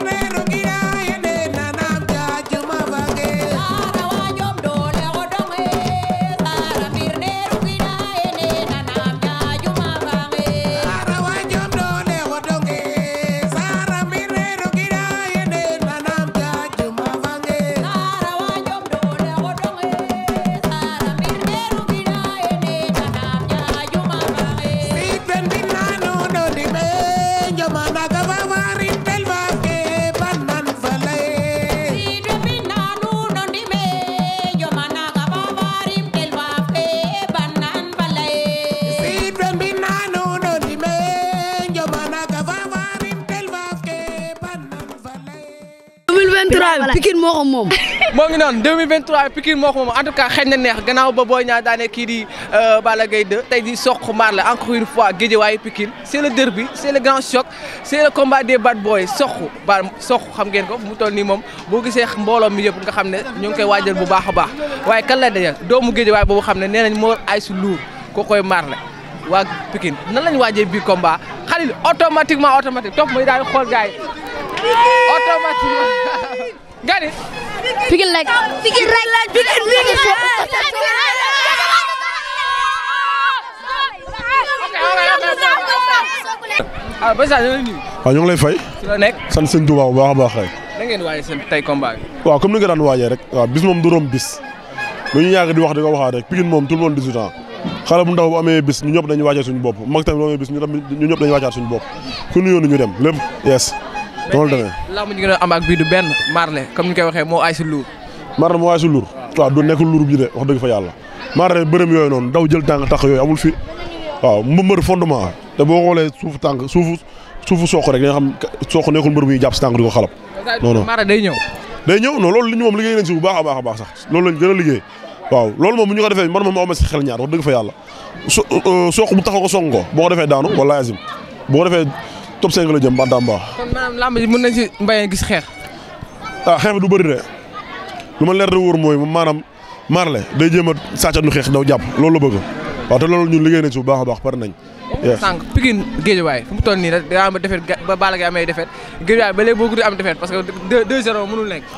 guerrero, guerrero. naan 2023 Pikine moo ko moom en tout na neex gannaaw ba Boy Niang daane kii di euh, Balla Gaye 2 tey di soq maar la encore une fois Guédiawaye Pikine c'est le derby c'est le grand choc c'est le combat des bad boys soq ba soq xam ngeen ko mu tol nii moom boo gisee mbooloom mi yëpp nga xam ne ñu ngi waajal bu baax baax waaye kan lay dajal doomu Guédiawaye boobu xam ne nee nañ moo ay su luur koo koy maar la waa Pikine nan lañ waajee bii combat Khalil automatiquement automatique topp mooy daal xool gars yi automatiquement gani Pikine rek Pikine rek Pikine Pikine lay fay. ci la nekk sant sëñ Touba bu baax a baax rek. na ngeen waajee seen tey combat bi. waaw comme ni nga daan waajee rek. bis moom du romb bis. lu ñu yàgg di wax di ko waxaat rek Pikine moom tout le monde 18 ans. xale bu ndaw bu amee bis ñu ñëpp dañuy waajaat suñu bopp mag tamit bu bis ñu ñëpp dañuy waajaat suñu bop ku nuyoon ñu dem lépp yes. loolu demee lamb ñu ngi doon am moo aay si luur Marley moo aay si luur waaw yooyu noonu daw jël tànk tax yooyu amul fi waaw mbër fondement te boo xoolee suufu tànk suufu suufu sooq rek nga xam sooq nekkul mbër jàpp si tànk di ko xalab non non Marley day ñëw day ñëw non moom liggéey nañ si bu baax a baax a baax sax loolu lañ gën a liggéey waaw loolu moom bu ñu ko defee man moom ma si xel ñaar wax dëgg fa yàlla euh, sooq bu taxaw ko song ko boo ko defee daanu wala azim boo ko defee top 5 la jëm Bantamba. kon maanaam làmb ji mën nañ si Mbaye gis xeex. ah xeex bi du bëri de lu ma leer de wóor mooy maanaam Marley day jéem a sàccat nu xeex daw jàpp loolu la bëgg waaw te loolu ñun liggéey nañ si bu baax a baax pare nañ. sànq Pikine Guédiawaye fu mu toll nii da am defet ba Balla Gaye amee defet Guédiawaye ba léegi boo guddi que 2-0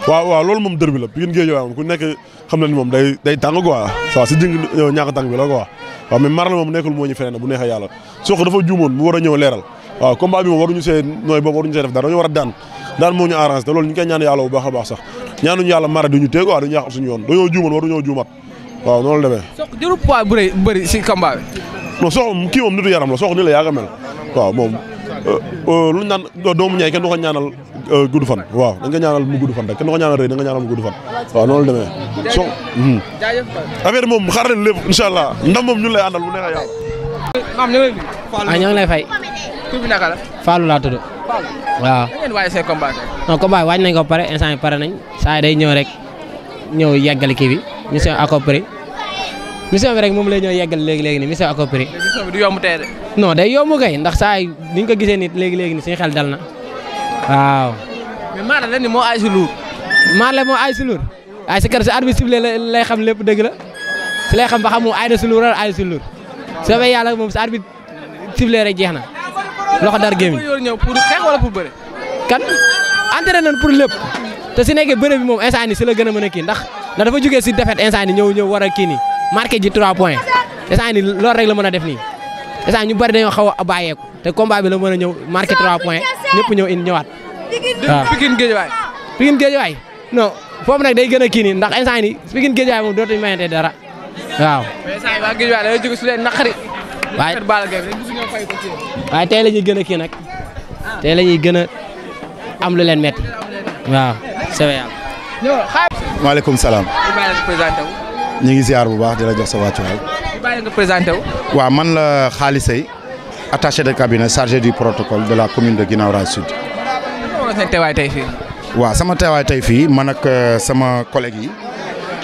waaw waaw loolu moom derby la Pikine Guédiawaye na moom day day tàng quoi waaw si jing ñàkk tàng bi la quoi waaw mais Marley moom nekkul moo ñu feneen bu neexee yàlla soo ko dafa juumoon mu war a ñëw leeral waaw combat bi moom waruñu see nooy boobu waruñu see def dara dañu war a daan daan moo ñu arrange te loolu ñu koy ñaan yàlla baax a baax sax ñaanuñu yàlla mara duñu téeg waaw duñu yàq suñu yoon dañoo juumoon waruñoo juumat waaw noonu la demee sox jëru poids bu rëy bëri si combat bi non sox kii moom nitu yaram la sox ni la yaaga waaw moom euh, euh, lu ñu naan doomu ñaay kenn du ko ñaanal euh, gudd fan waaw dañ ko ñaanal mu gudd fan rek kenn du ko ñaanal rëy da nga ñaanal la demee sox moom xaar leen lépp incha allah ndam moom ñun lay àndal bu neexee yàlla ah, ñoo ngi lay fay tur bi naka la. Fallou laa tudd. Fallou waaw. da ngeen waaj seen combat. non nañ ko pare instant yi pare nañ saa yi day ñëw rek ñëw yeggal kii bi mission accompli mission bi rek moom lay ñëw yeggal léegi léegi nii mission accompli. mission bi du yomb tey de. non day yomb kay ndax saa yi ni ko gisee nit léegi léegi nii suñu xel dal na waaw. mais Maara la ni moo aay si luur. Maara la moo aay si luur waaye si kër si arbitre sifflé lay xam lépp dëgg la si lay xam ba xam mu aay na si luur wala aay si luur su fekkee yàlla moom si arbitre sifflé rek jeex na. loxo dar gémmiñ. pour te si nekkee bëre bi moom instant si la gën a mën a kii ndax ndax dafa jógee si défaite instant yii ñëw ñëw war a kii nii marqué ji 3 points instant yii loolu rek la mën a def nii instant ñu bari dañoo xaw a bàyyeeku te combat bi la mën a ñëw marqué 3 points ñëpp ñëw indi ñëwaat. waaw Pikine Guédiawaye. Pikine Guédiawaye non foofu nag day gën a kii nii ndax instant yii Pikine Guédiawaye moom dootuñu mayante dara waaw. mais instant yii waa Guédiawaye dañoo jóge su leen naqari waaye waaye tey la ñuy gën a kii nag tey la ñuy gën a am lu leen métti waaw c'est vrai. salaam. ñu ngi ziar bu baax di la jox sa wàccuwaay. nga présenté waaw man la Khalis Seye attaché de cabinet chargé du protocole de la commune de Guinaw Rail Sud. waaw sama teewaay tey fii man ak euh, sama collègue yi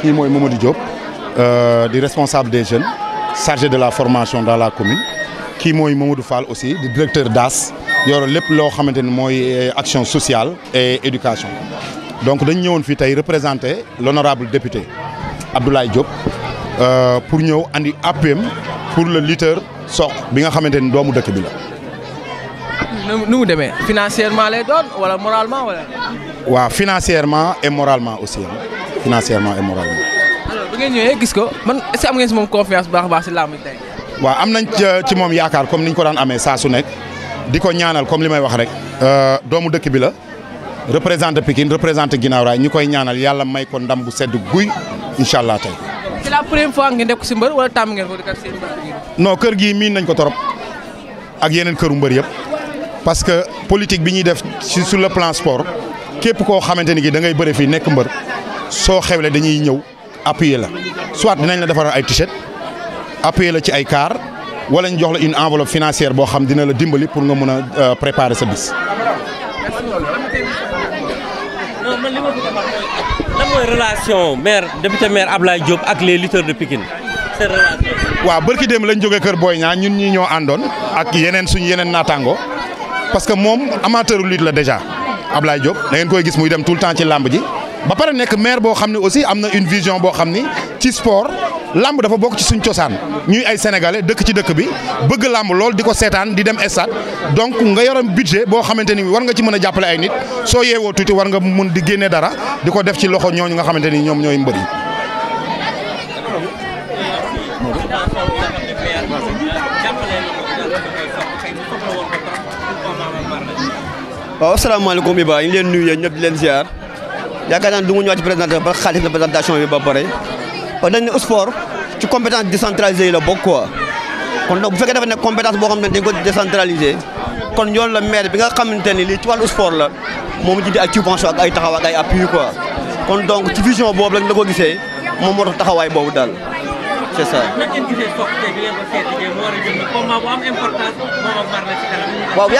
kii mooy Mamadou Diop euh, di responsable des jeunes. chargé de la formation dans la commune kii mooy Mamadou Fall aussi di directeur DAS yoro lépp loo xamante ni mooy eh, action sociale e éducation donc dañ ñëwoon fii tey représenté l'honorable député Abdoulaye Diop euh, pour ñëw andi APM pour le litteur sox bi nga xamante ni doomu dëkk bi la. nu mu demee financièrement lay doon wala moralement wala. waaw financièrement et moralement aussi financièrement et ngeen gis ko man est am moom confiance baax baax si làmb tey. waaw am nañ ci moom yaakaar comme niñ ko daan amee saa su nekk di ko ñaanal comme li may wax rek euh, doomu dëkk bi la représenté Pikine représenté ginnaaw raay ñu koy ñaanal yàlla may ko ndam bu sedd guy incha allah tey. c'est la première fois ngeen def si mbër wala tàmm ngeen ko non kër gii miin nañ ko torop ak yeneen këru mbër yëpp parce que politique bi ñuy def si su le plan képp koo xamante ni da ngay bëre fii nekk mbër soo xewle dañuy ñëw. appuyer la soit dinañ la defaral ay t-shirt la ci ay car wala ñu jox la une enveloppe financière boo xam dina la dimbali pour nga mën a euh, préparer sa bis. lan mooy relation maire député maire ak les lutteurs de Pikine waaw bërki démb lañ joge Kër booy ñaa ñun ñi ñoo àndoon ak yeneen suñu yeneen naataango parce que moom amateur liit la déjà Ablaye Diop da ngeen koy gis muy dem tout le temps ci làmb ji. ba pare nekk maire boo xam ne aussi am na une vision boo xam ni ci sport lamb dafa bokk ci suñ cosaan ñuy ay sénégalais dëkk ci dëkk bi bëgg làmb lool di ko seetaan di dem stade donc nga yoram budget boo xamante ni war nga ci mën a jàppale ay nit soo yeewoo tuuti war nga mun di génne dara di ko def ci loxo ñooñu nga xamante ni ñoom ñooy mbër yi waaw asalaamaaleykum Iba ñu leen nuyu ñëpp di leen ziar. yaakaar naa ne du mu ñëwaat ci présentation parce que xaalis na présentation bi ci compétence décentralisée la bokk quoi kon nag bu fekkee dafa nekk compétence boo xam ne dañ ko décentralisé kon yoon la maire bi nga xamante ne lii ci wàllu sport la moom ci di ay subvention ak ay taxaw ak ay appui kon donc ci boobu lañ la ko moom moo tax taxawaay boobu daal c'est ça. waaw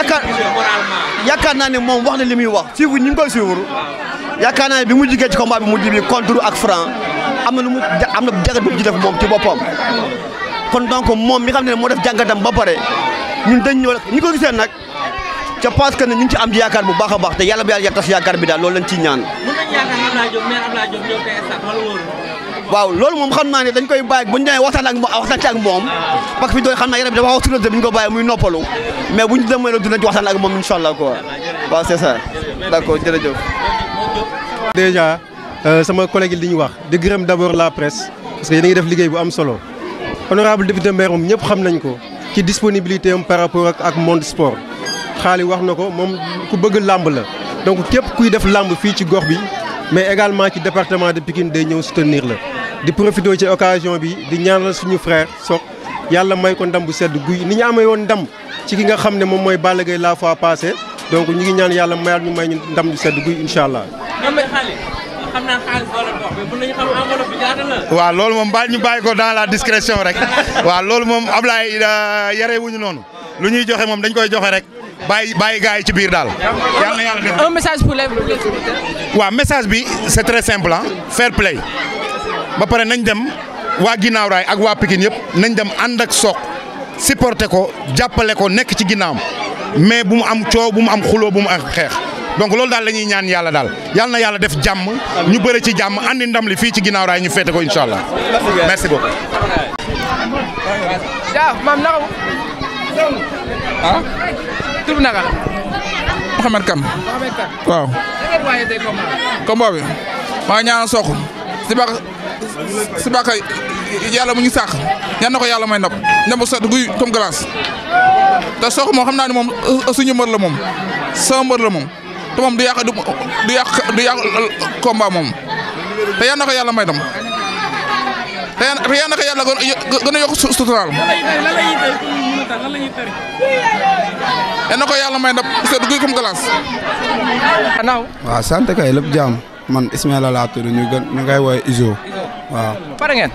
yaakaar naa ne moom wax na li muy wax suivre ñu ngi koy suivre. yaakaar naa ne bi mu jigee ci combat bi mu ji bi contre ak franc am na lu mu am na jagat bu mu ci def moom ci boppam kon donc moom mi xam ne moo def jàngatam ba pare ñun dañ ñëw ñu ko gisee nag je pense que ne ñu ci am ci yaakaar bu baax a baax te yàlla bu yàlla tas yaakaar bi daal loolu lañ ciy ñaan. waaw loolu moom xam naa ne dañ koy bàyyi bu ñu demee waxtaan ak moom waxtaan ak moom parce que fi doy xam naa yaram bi dafa xaw a tourné bi ñu ko bàyyi muy noppalu mais bu ñu demee dinañ ci waxtaan ak moom incha allah quoi waaw c'est ça d'accord déjà euh, sama collège yi li ñu wax di gërëm d'abord la presse parce que yéen ngi def liggéey bu am solo honorable député Mbaye moom ñëpp xam nañ ko ci disponibilité par rapport ak ak monde sport xaali wax na ko moom ku bëgg làmb la donc képp kuy def làmb fii ci gox bi mais également ci département de Pikine day ñëw soutenir la di profité ci occasion bi di ñaanal suñu frère Sokh yàlla may ko ndam bu sedd guy ni ñu amee woon ndam ci ki nga xam ne moom mooy Balla la fois passée donc ñu ngi ñaan yàlla mayal ñu may ñu ndam ñu sedd guy incha allah. xam waaw loolu moom baal ñu bàyyi ko dans la discrétion rek waaw loolu moom Ablaye euh, yare wuñu noonu lu ñuy joxe moom dañ koy joxe rek bàyyi bàyyi gars yi ci biir daal. yàlla yàlla def un message pour les message bi c'est très simple ah fair ba pare nañ dem waa ginnaaw raay ak waa Pikine yëpp nañ dem ànd ak Sokh supporter ko jàppale ko nekk ci ginnaawam. mais bu mu am coow bu mu am xuloo bu mu am xeex donc loolu daal la ñaan yàlla daal yàlla yàlla def jàmm ñu bëre ci jàmm andi ndam li fii ci ginnaaw raay ñu féete ko incha allah. merci beaucoup. ah. tur naka la. Mouhamed waaw. combat bi. maa ñaan soq. si bàkka yàlla mu ngi sàq ñaan ko yàlla may ndam ndam bu set guy comme glace te sox moom xam naa ne moom suñu mbër la moom sama mbër la moom te moom du yàq du yàq du moom te yaan ko yàlla may ndam te yaan na ko yàlla gën yokk suturaal yaan ko yàlla may ndam set guy comme glace waaw sant kay lépp jaam man Ismaila laa tudd ñu gën ñu ngay woowee Izo waaw pare ngeen.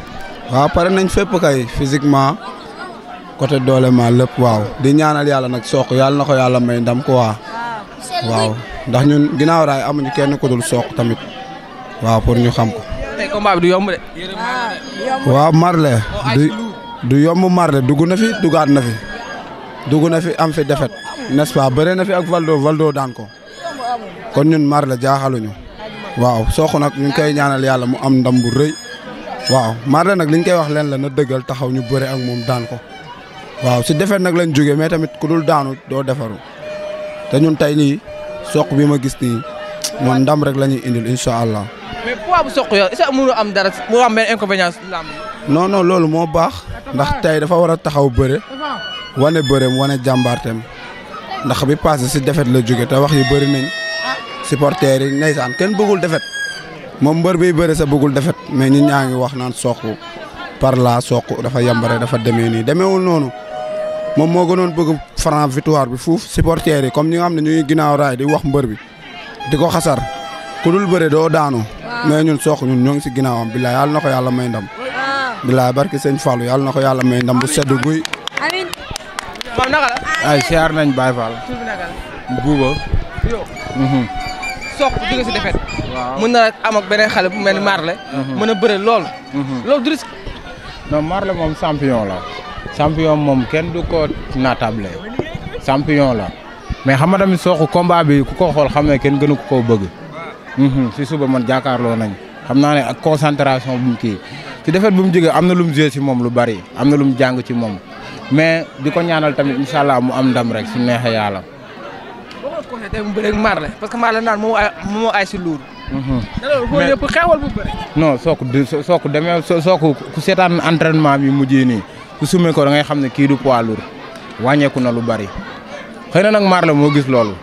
nañ fépp kay physiquement côté doole ma lépp waaw di ñaanal yàlla nag soq yàlla na ko yàlla may ndam quoi. waaw ndax ñun ginnaaw raay amuñu kenn ku dul sook tamit waaw pour ñu xam ko. tey combat bi du waaw Marley ah, du yomb Marley dugg na fi duggaat na fi dugg na fi am fi defet n'est-ce na fi ak Valdo Valdo daan ko kon ñun Marley jaaxaluñu waaw soq nag ñu ngi ñaanal yàlla mu am ndam bu rëy. waaw Marley nag liñ koy wax leen la na dëggal taxaw ñu bëre ak moom daan ko waaw si defet nag lañ jógee mais tamit ku dul daanu doo defaru te ñun tey nii soq bi ma gis nii moom ndam rek lañuy ñuy indil incha allah. mais soq yow est am dara mu am benn inconvénient lamb loolu moo baax ndax tey dafa war a taxaw bëre wane bëreem wane jàmbaarteem ndax bi passé si defet la jóge te wax yi bëri nañ ah. supporters yi ndeysaan kenn bëggul defet moom mbër biy bëri sa bëggul defet mais ñi ñaa ngi wax naan soq par là soq dafa yambare dafa demee nii demeewul noonu moom moo gënoon bëgg franc victoire bi fuuf supporters yi comme ñi nga xam ne ñu ngi ginnaaw raay di wax mbër bi di ko xasar ku dul bëre doo daanu mais ñun soq ñun ñoo ngi si ginnaawam billaay yàlla na ko yàlla may ndam billaay barki sëñ Fallou yàlla na ko yàlla may ndam bu sedd guy amiin ay siyaar nañ Baye Fall soq bu jóge si defet mën am ak beneen xale bu mel ni Marley mhm. mën a bëre loolu mhm. loolu du risque non Marley moom champion la champion moom kenn du ko naatable champion la mais xam nga tamit soq combat bi ku ko xool xam kenn gënu ko koo bëgg mhm, si suba man jàkkaarloo nañ xam naa ne ak concentration bu mu kii ci defet bu mu jógee am na lu mu joué si moom lu bari am na lu mu jàng ci moom mais di ko ñaanal tamit incha allah mu am ndam rek su neexee yàlla conseillé tey mu bëri ak parce que Marley naan moo moo ay si luur. Mhm. mais soo ko demee soo ko ku seetaan entraînement bi mujjee nii ku sumee ko ngay xam ne kii du poids lourd wàññeeku na lu bari xëy na nag Marley moo gis loolu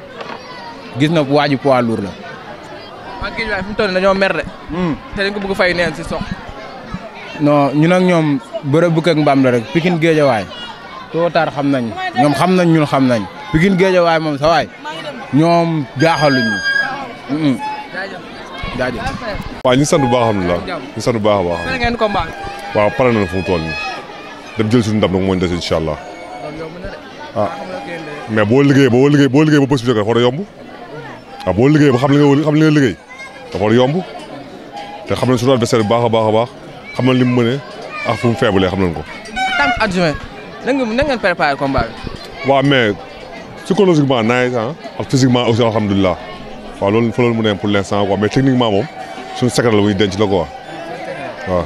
gis na waa ji poids lourd la. waa Guèye waaye mer de. Hmm. te dañ ko bëgg fay neen si sox. non ñun ak ñoom bërëb bu ak mbaam la rek Pikine Guédiawaye too xam nañ ñoom xam nañ ñun xam nañ Pikine Guédiawaye moom sawaay ñoom jaaxaluñu. jaajëf. waaw ñu sant bu baax alhamdulilah ñu sant bu baax a baax. pare ngeen combat. waaw pare na fu mu toll nii. dem jël suñu ndam nag moo ñu des incha allah. Ah. mais boo liggéeyee boo liggéey boo liggéey ba bés bi rek a yomb. waaw ah, boo xam li nga xam li nga liggéey yomb. te xam nañ suñu adversaire bu baax a baax a baax xam nañ li mu mënee ak fu mu xam nañ ko. tant adjoint na waaw mais. psychologiquement nice ah ak physiquement aussi alhamdulilah waaw loolu fa loolu mu ne pour l'instant quoi mais techniquement moom suñu secret la bu ñu denc la quoi waaw.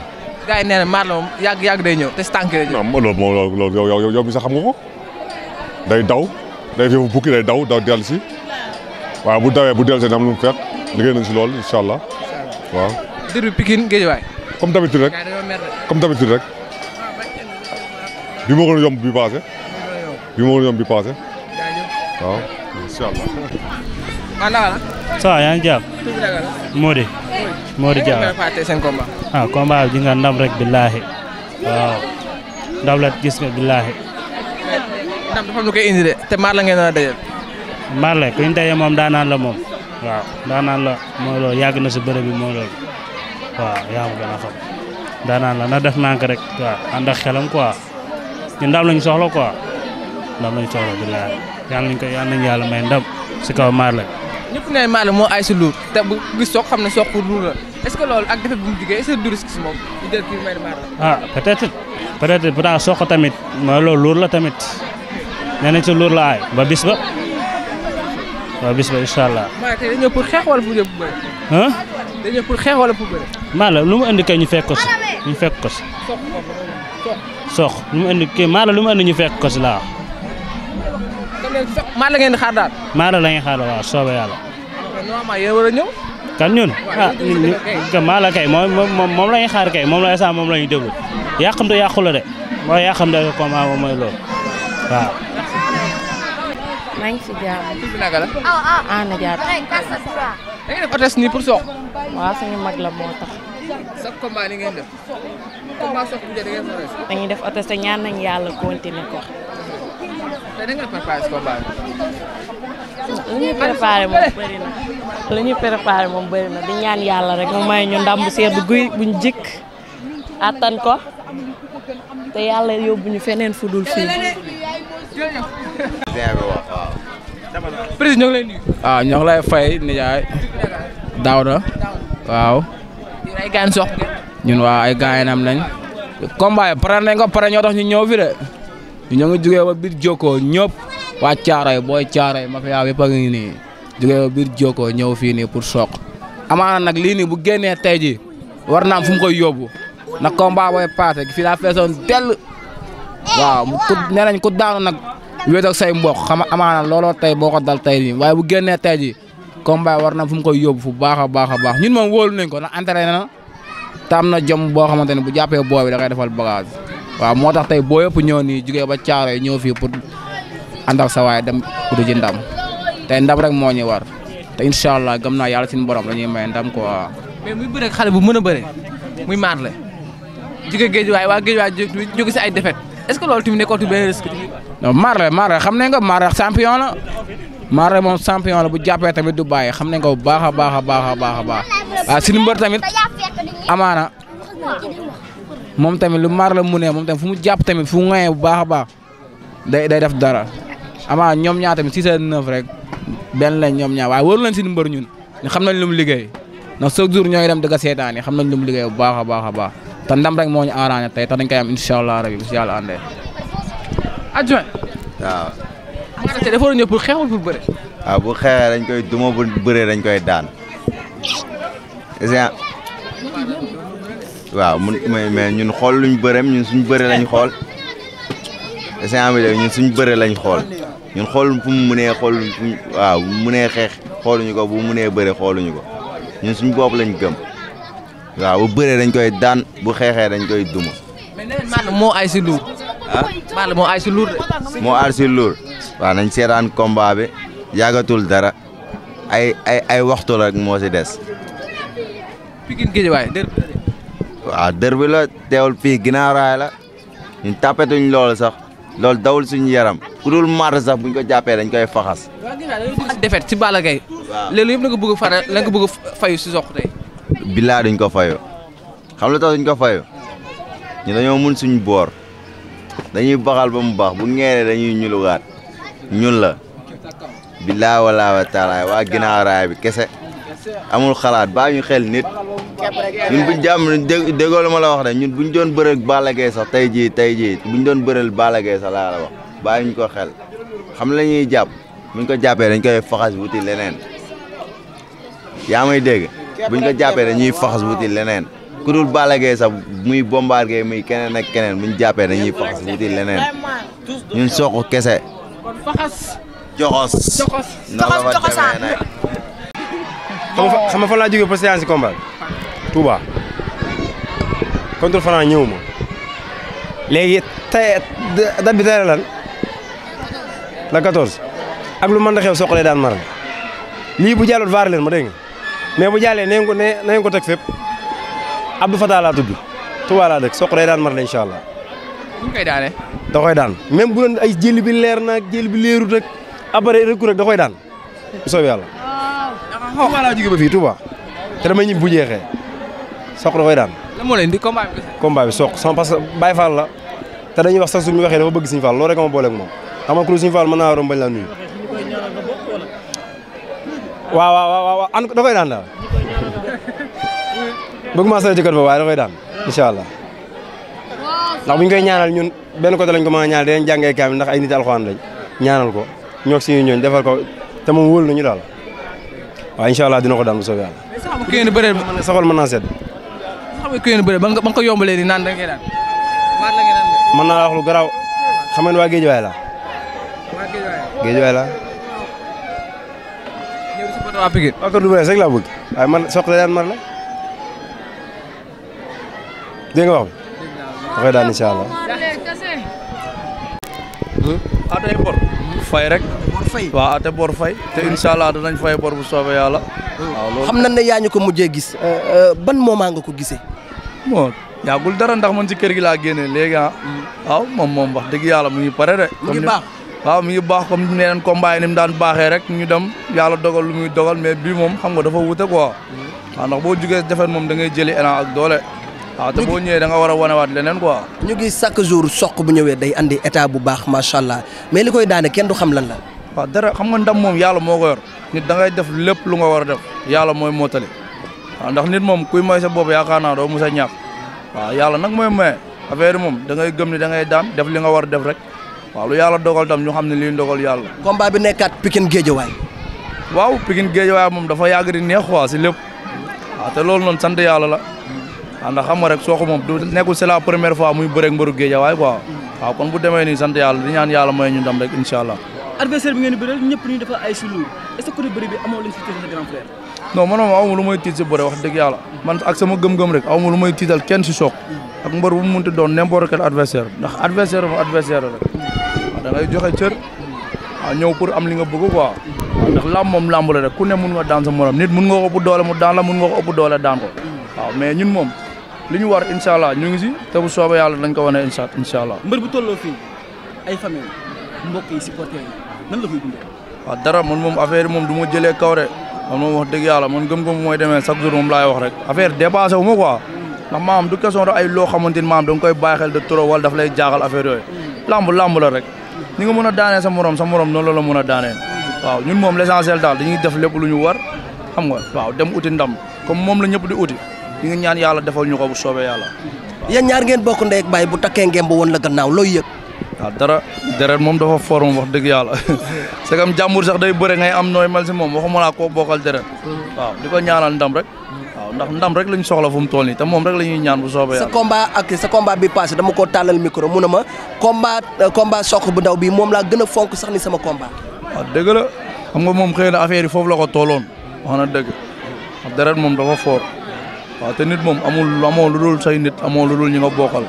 gars yi nee na maar la moom yàgg yàgg day ñëw te si tànk lay ñëw. non loolu moom loolu yow yow yow mi sax xam nga ko day daw day fi bukki day daw daw dellu si waaw bu dawee bu dellu si dina am lu mu fekk liggéey nañ si loolu incha allah waaw. déglu Pikine Guédiawaye. comme d'habitude rek comme rek ah, bi ma ko yomb bi paase. bi ma ko yomb waaw incha allah. waaw naka la. ça va yaa ngi jàpp. la. Mody. Mody ah, nga ndam rek billaahi waaw ndam la gis nga billaahi. ndam dafa am lu koy indi te maar ngeen doon dajal. maar ku ñu dajee moom daanaan la moom. waaw daanaan la mooy loolu yàgg na si bërëb bi mooy loolu. waaw yaa ma gën a xam la na def nànk rek. waaw ànd ak xelam quoi ñu ndam lañ soxla quoi. ndam lañ soxla bi laaj yàlla nañ may ndam si kaw Marley. ñëpp ne Marley moo ay si luur te bu gis soog xam ne soog pour luur la est ce que loolu ak defet bu mu jugee est ce si moom ñu jël kii bu ah, daan soog tamit mooy loolu la tamit nee nañ si luur ba bis bis ba pour xeex wala pour yëpp lu mu indi kay ñu fekk ko si ñu fekk ko si. sox lu mu indi kii Marley lu mu indi ñu fekk ko si laa maa la ngeen di xaar la la ngeen xaar waaw soobee yàlla. a ñëw. kan ñun ah kay moom moom moom xaar kay moom la instant moom la ñuy déglu yàqamte yàqu la de ko yàqamte moom mooy loolu waaw. maa ngi si jàmm. tur bi naka la. Anna ah, ah. Diatta. def otes nii la moo ñaan nañu yàlla continuer ko. te da nga préparé moom bëri di ñaan yàlla rek mu may ñu ndam bu sedd guy buñ jikk attan ko te yàlla yóbbu ñu feneen fu dul fii. président ñoo lay waaw ah, ñoo ngi fay nijaay daaw waaw. ay gaan sox ñun waaw ay gaanam lañ. combat yi pare ko pare ñoo tax ñu ñëw fi ñoo ngi jugee ba biir jokkoo ñëpp waa Caaroy booy Caaroy ma fi yaa bépp ngi nii jugee ba biir jokkoo ñëw fii nii pour Sokh. amaana nag lii nii bu génnee tey ji war naa am fu mu koy yóbbu nag combat booy paase fii daa feesoon dell waaw ku nañ ku daanu nag wéet ak say mbokk xam amaana looloo tey boo ko dal tey nii waaye bu génnee tey ji combat war na fu mu koy yóbbu fu baax a baax a baax ñun moom wóolu nañ ko ndax entraîné na tam na jom boo xamante ne bu jàppee booy bi da koy defal bagage. waaw moo tax tey boo yëpp ñëw nii jugee ba caaro yi ñëw fii pour ànd ak sa waay dem pour ji ndam tey ndam rek moo ñu war te incha allah gëm naa yàlla borom la ñuy may ndam ko mais muy bëre xale bu mën a bëre muy Marley jugee géej waay waa géej waay jóge si ay défaite est-ce que loolu tamit nekkootu benn risque tamit. non Marley Marley xam ne nga Marley champion la Marley moom champion la bu jàppee tamit du bàyyi xam ne nga bu baax a baax a baax a baax a baax waaw mbër tamit moom tamit lu maar la mu ne moom tamit fu mu jàpp tamit fu mu bu baax a baax day day def dara ama ñoom ñaar tamit six à rek benn lañ ñoom ñaar waaye wóoru lañ si mbër ñun ñu xam nañ lu mu liggéey ndax chaque jour ñooy dem dëgg seetaan yi xam nañ lu mu liggéey bu baax a a baax te ndam rek moo ñu arrangé tey te dañ koy am incha allah rabi si yàlla àndee. adjoint. waaw. nga def dafa war a ñëw bëre. waaw bu xeexee dañ koy duma bu bëree dañ koy daan. waaw mun mais mais ñun xool luñ bëreem ñun suñ bëre lañ xool essant bi ñun suñ bëre lañ xool ñun xool fu mu mënee xool waaw mënee xeex xooluñu ko bu mënee bëre xooluñu ko ñun suñ bopp lañ gëm waaw bu bëree dañ koy daan bu xeexee dañ koy duma. mais moo aay si luur. ah moo aay si luur moo aay si luur waaw nañ seetaan combat bi yàggatul dara ay ay ay waxtu la rek moo si des. waaw dër bi la teewul fii ginaaraay la ñun tapetuñ lool sax loolu dawul suñ yaram ku dul maar sax buñ ko jàppee dañ koy faxas. waaw ginnaaw si défaite si Balla Gaye. waaw a faral la nga fayu si soq tey. bilaa duñ ko fayu xam la tax duñ ko fayu ñu dañoo mun suñu boor dañuy baxal ba mu baax bu ñeeree dañuy ñulugaat ñun la. bilaa wala wa taala waa ginnaaw raay bi kese amul xalaat baa ñu xel nit. ñun buñ jàmm dégg déggoo la ma la wax de doon bëreel Balla Gaye sax tey jii tey jii buñ doon bëreel Balla Gaye la wax bàyyi ñu ko xel xam la ñuy jàpp buñ ko jàppee dañ koy faxas wuti leneen yaa may dégg buñ ko jàppee dañuy faxas wuti leneen ku dul Balla Gaye sax muy muy keneen ak keneen buñ jàppee dañuy faxas wuti leneen ñun soq kese. kon faxas. joxos joxos joxos joxosaan. xam nga fa xam nga fa laa jógee pour Touba contre Franc ñëw ma léegi tey date bi tey la 14 ak lu mën a xew soqalee daan maral lii bu jàllul vaar leen ma dégg nga mais bu jàllee nee ko nee nañ ko teg fépp Abdou Fatah laa tudd Touba laa dëkk daan maral incha da koy daan même bu ay jëli leer na ak jëli bi leerut rek après da koy daan bu soobee yàlla. waaw Touba laa jógee ba fii Touba te damay ñibbi soq dafay daan. lan moo leen di combat bi. combat bi soq sans que Baye Fall la dañuy wax sax su ñu waxee dafa bëgg Serigne Fall loolu rek ma booleeg moom xam nga ku Serigne Fall mën naa waroon bañ laa nuyu. waaw waaw waaw an da koy daan daal bëgg maa sori ci daan incha allah ndax bu ñu koy ñaanal ñun benn côté lañ ko mën a ndax ay nit alxuraan lañ ko ñoo suñu defal ko te moom wóolu nañu daal waaw dina ko daan bu soobee yàlla. xam nga bëre ba nga ko yombalee ni naan da daan maat naa la wax lu garaaw xam ngeen waa Géejawaay la waa laa bëgg waaye daan mar la dégg nga wax bi dafay daan incha allah ah fay bor bu soobee yàlla hmm. xam nañ ne yaa ko mujjee gis euh, euh, ban moment nga ko gisee bon yàggul dara ndax man si kër gi laa génnee léegi ah. waaw moom moom wax dëgg yàlla mu ngi pare de. mu ngi baax mu ngi baax comme nee nañ combat yi ni mu daan baaxee rek ñu dem yàlla dogal lu muy dogal mais bii moom xam nga dafa wute quoi. waaw ndax boo jugee defet moom da ngay jëli élan ak doole. waaw te boo ñëwee da nga war a wanewaat leneen quoi. ñu gis chaque jour soq bu ñëwee day andi état bu baax macha allah mais li koy daane kenn du xam lan la. waaw dara xam nga ndam moom yàlla moo ko yor nit da lépp lu nga war a def yàlla mooy mottali waaw ndax nit moom kuy moy sa bopp yaakaar naa doo musa ñàkk waaw yàlla nag mooy maye affaire moom da ngay gëm ni da ngay daan def li nga war def rek waaw lu yàlla dogal tam ñu xam ne lii dogal yàlla. combat bi nekkaat Pikine Guédiawaye. waaw Pikine Guédiawaye moom dafa yàgg di neex waa si lépp waaw te loolu noonu sant yàlla la waaw ndax xam nga rek soo ko moom du nekkul c'est la première fois muy bëreeg mbëru Guédiawaye quoi waaw kon bu demee nii sant yàlla di ñaan yàlla mooy ñu ndam rek incha allah. adversaire bi ngeen di bëreel ñëpp ñu dafa ay amoo lu non man moom awma lu may tiit si bëre wax yàlla man ak sama gëm-gëm rek awma lu may tiital kenn si soog ak mbër mu munti doon n'importe quel adversaire ndax adversaire fa adversaire rek waaw da ngay joxe cër waaw ñëw pour am li nga bëgg quoi ndax lam moom làmb la rek ku ne mun nga daan sa morom nit mun nga ko ëpp doole mu daan la mun nga ko ëpp doole daan ko waaw mais ñun moom li ñu war incha allah ñu ngi si te soobe soobee yàlla dañ ko wane incha incha allah mbër bu tollo fii ay famille mbokk yi supporter yi nan la koy dundee waaw dara man moom affaire moom du ma jëlee kaw rek man moom wax dëgg yàlla man gëm-gëm mooy demee chaque jour moom laay wax rek affaire dépassé wu ma quoi ndax maam du question rek ay loo xamante ni maam da nga koy bàyyi xel de trop wala daf lay jaaxal affaire yooyu lamb lamb la rek ni nga mën a daanee sa morom sa morom noonu la la mën a daanee waaw ñun moom l'essentiel daal dañuy def lépp lu ñu war xam nga waaw dem uti ndam comme moom la ñëpp di uti ñu ngi ñaan yàlla defal ñu ko bu soobee yàlla. yéen ñaar ngeen bokk ndey ak bu takkee ngeen ba woon la gannaaw looy yëg. waaw dara deret moom dafa for moom wax dëgg yàlla c'est comme jàmbur sax day bëre ngay am nooy mel moom moom waxuma laa koo bokkal deret mm-hmm. waaw di ko ñaanal ndam rek waaw ndax ndam rek lañu soxla fu mu toll nii te moom rek la ñuy ñaan bu soobee yàlla sa combat ak sa combat bi passé dama ko tàllal micro mu ne ma combat euh, combat soq bu daw bi moom laa gën a fonk sax ni sama komba a dëgg la xam nga moom xëy na affaire yi foofu la ko tooloon wax na dëgg deret moom dafa foor waaw te nit moom amul amoo dul say nit amoo lu dul ñi nga bokkal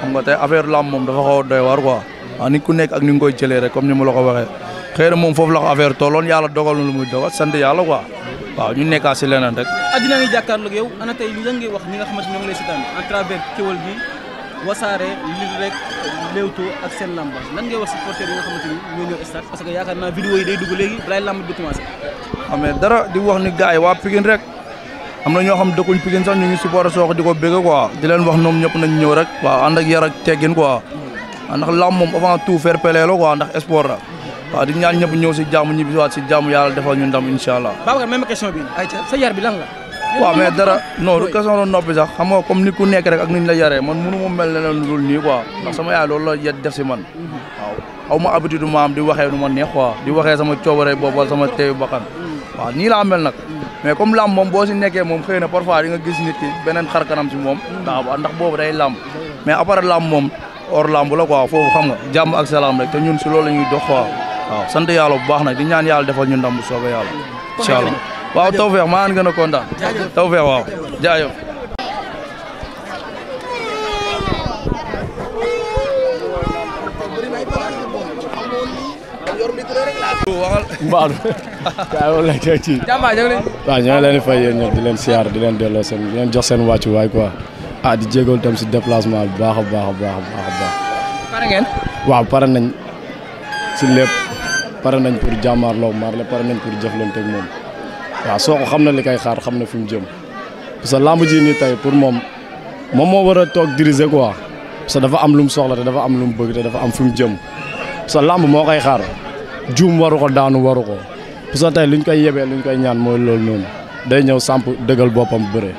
xam nga tey affaire làmb moom dafa xaw a doy waar quoi waaw ku nekk ak ni nga koy jëlee rek comme ni ma la ko waxee xëy moom foofu la ko affaire tolloon yàlla dogal na lu muy dogal sant yàlla quoi waaw ñu nekkaat si leneen rek addina ngi jàkkaarloog yow ana tey lan ngay wax ñi nga xamante ñoo ngi lay seetaan à wasaare li rek Leewtoo ak seen làmb lan ngay wax supporter yi nga xamante ni ñoo parce que yaakaar naa vidéo yi day dugg balay làmb bi dara di wax ni gars yi waa Pikine rek am na ñoo xam dëkkuñ Pikine sax ñu ngi supporté Sokh di ko bëgg quoi di leen wax ñoom ñëpp nañ ñëw rek waaw ànd ak yar ak teggin quoi ah, ndax lamb moom avant tout fair play la quoi ndax sport la di ñaan ñëpp ñëw si jàmm ñibbi waat si jàmm yàlla defal ñu ndam incha allah. Babacar même question bi sa yar bi dara non du question doon noppi sax xam nga comme ni ku nekk rek ak ni niñ la yaree man mënu ma mel ne leen dul nii quoi ndax sama yaay loolu la yet def si man aw ma habitude ma am di waxee nu ma neex quoi di waxee sama coobare bopp wala sama teeyu mais comme lam moom boo si nekkee moom xëy na parfois di nga gis nit ki beneen xar si moom. ndax hmm. ndax boobu day làmb. mais à part làmb moom or làmb la quoi foofu xam nga jàmm ak salaam rek te ñun si loolu la ñuy dox quoi. waaw sant yàlla bu baax nag di ñaan yàlla defal ñun ndam bu soobee yàlla. Hmm. incha allah waaw tawfeex maa ngi gën a kontaan. tawfeex waaw jaajëf. Mbadou. waaw wala kii ak kii. jàmbaar ñu ngi leen. waaw ñu ngi leen di fay yéen ñëpp di leen siyaar di leen delloo seen di leen jox seen waay quoi ah di jégalu itam si déplacement bi baax a baax baax baax a baax. pare ngeen. waaw pare nañ si lépp pare nañ pour jàmmaarloo Marley pare nañ pour jëflante ak moom waaw soo ko xam na li kay xaar xam na fi mu jëm parce lamb ji nii tey pour moom moom moo war a toog diriger quoi parce dafa am lu mu soxla te dafa am lu mu bëgg dafa am fi mu jëm parce lamb moo xaar. jum waru ko daanu waru ko parce que ñu koy yebee luñ koy ñaan mooy loolu noonu day ñëw samp dëggal boppam bëre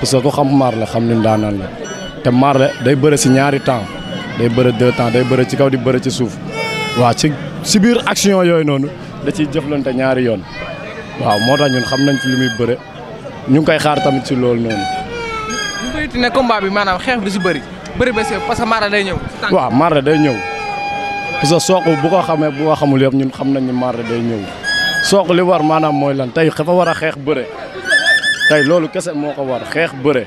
parce que ku xam Marley xam ni ndaanaan la te Marley day bëre si ñaari temps day bëre deux temps day bëre ci kaw di bëre ci suuf waaw ci si biir action yooyu noonu da ciy jëflante ñaari yoon waaw moo tax ñun xam nañ ci lu muy bëre ñu ngi koy xaar tamit ci loolu noonu. ñu koy ne bi maanaam xeex bi si bëri bëri parce que Marley day ñëw. waaw Marley day ñëw. parce que bu ko xamee bu ko xamul yëpp ñun xam nañ ni Marley day ñëw Sokh li war maanaam mooy lan tey dafa war a xeex bëre tey loolu kese moo ko war xeex bëre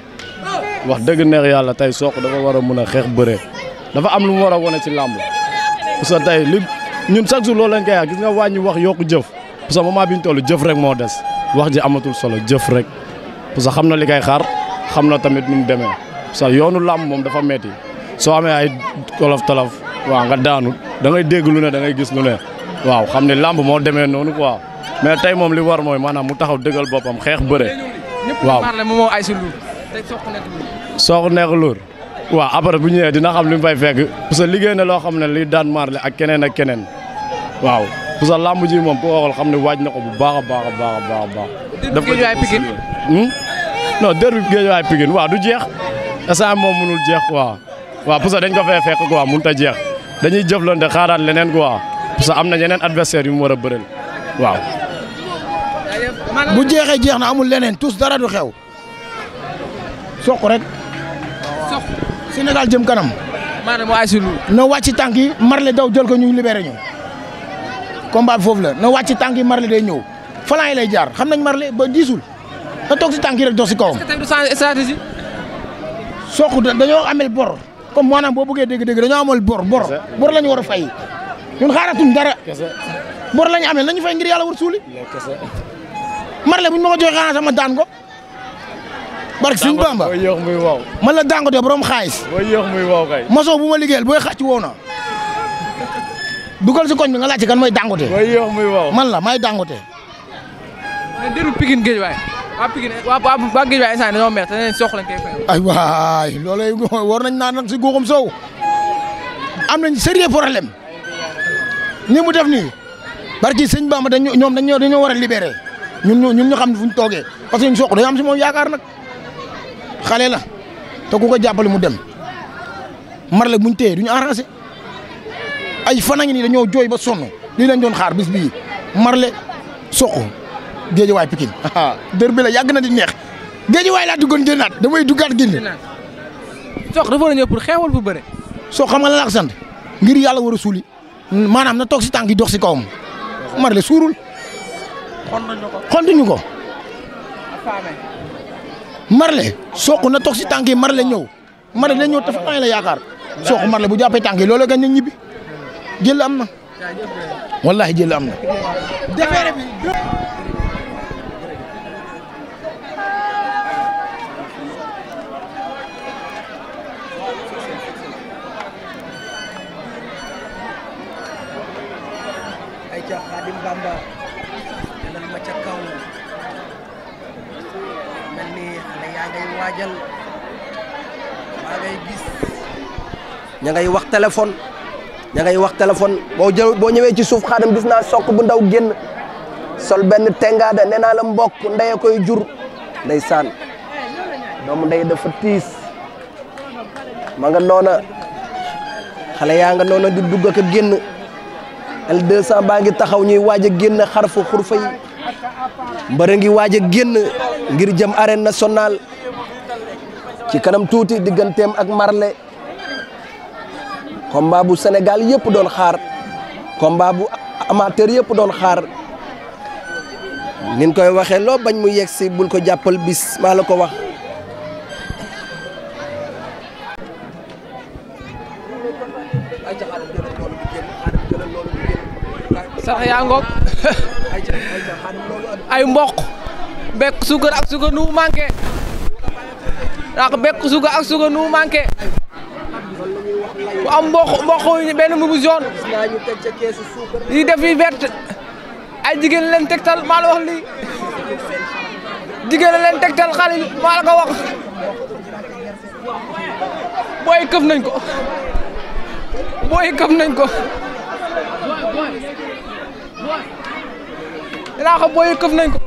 wax dëgg neex yàlla tey Sokh dafa war a mun a xeex bëre dafa am lu mu war a wone ci làmb parce que tey li ñun chaque jour loolu lañ koy wax gis nga wàññi wax yokk jëf parce que moment bi ñu toll jëf rek moo des wax ji amatul solo jëf rek parce xam na li kay xar xam na tamit nu mu demee parce yoonu làmb moom dafa metti soo amee ay tolof waaw nga daanu da ngay dégg lu ne da ngay gis lu ne waaw xam ne làmb moo demee noonu quoi mais tey moom li war mooy maanaam mu taxaw dëggal boppam xeex bëre. waaw soog neex luur waaw bu ñëwee dina xam li mu fay fekk parce que liggéey na loo xam ne li daan marle ak keneen ak keneen waaw parce que làmb ji moom ku waxal xam ne waaj na ko bu baax a baax a baax a baax. daf ko hmm? non derby Guédiawaye Pikine waaw du jeex instant moom mënul jeex quoi waaw parce que dañ ko fee fekk quoi mënut jeex. dañuy jëflante xaaraat leneen quoi waa que am na yeneen adversaire yu mu war a bëreel waaw. bu jeexee jeex na amul leneen tous dara du xew. soq rek. soq jëm kanam. maanaam waa Asile. na wàcc tànk yi Marley daw jël ko ñu libere ñu. combat bi foofu la na wàcc tànki yi Marley day ñëw falan yi lay jaar xam nañ Marley ba diisul na toog si tànk yi rek dox si kawam. est-ce que stratégie. soq dañoo amel bor. comme maanaam boo bëggee dégg-dégg dañoo amal bor bor bor lañu war a fay ñun xaaratuñ dara bor lañu amee nañu fay ngir yàlla war suuli marle buñ ma ko joxe xanaa sama daan ko barke suñ bamba booy yéex muy waaw man la daan ko de borom xaalis booy bu ma liggéeyal booy xàcc woo na dugal si koñ bi nga laajte kan mooy Dangote. mooy yow muy waaw man la maay Dangote. mais déglu Pikine Gueye waa Pikine waa waa Guédiawaye instant dañoo mer te nee nañ sox nañ naan nag si guuxum soow am nañ sérieux problème ni mu def nii barki sëñ Bamba dañ ñoom dañ dañoo war a libéré ñun ñun ñu xam ni fu ñu toogee parce que ñun sox dañoo am si moom yaakaar nag xale la te ku ko jàppale mu dem mar la buñ téye duñu arrangé ay fan a ngi nii dañoo jooy ba sonn lii lañ doon xaar bis bii marle soq géejawaay Pikine dër bi la yàgg na di neex géejawaay laa duggoon génnaat damay duggaat génne. sox dafa war a ñëw pour xeewal fu bare soo xam nga la ak sant ngir yàlla war a suuli maanaam na toog si tànk yi dox si kawam. mar la suurul. xontuñu ko xontuñu ko. marle sooq na toog si tànk yi marle ñëw marle dina ñëw dafa am la yaakaar sooq marle bu jàppee tànk yi loolu gañ na ñibbi jël am na. wallaahi jël am na. ña ngay wax téléphone ña wax téléphone boo jë boo ñëwee ci suuf xaadim gis naa sokk bu ndaw génn sol benn tengaada nee naa la mbokk ndeye koy jur ndeysaan doomu ndey dafa tiis ma nga noona xale yaa nga noona di dugg ak a génn el 200 baa ngi taxaw ñuy waaj a génn xarfu xurfa yi ngi waaj a génn ngir jëm arène nationale ci kanam tuuti digganteem ak Marley combat bu Sénégal yëpp doon xaar combat bu amateur yëpp doon xaar nin koy waxee loo bañ mu yegg si bul ko jàppal bis maa la ko wax ay mboq bekk suukar ak suukar nu manqué ndax bekk suukar ak suukar nu manqué bu am mboq mboq benn mbubu jaune. gis naa ñu teg yi def yi vert ay jigéen leen tegtal maa la wax lii jigéen leen tegtal xalil maa la ko wax booy këf nañ ko booy këf nañ ko dinaa xam booy këf nañ ko.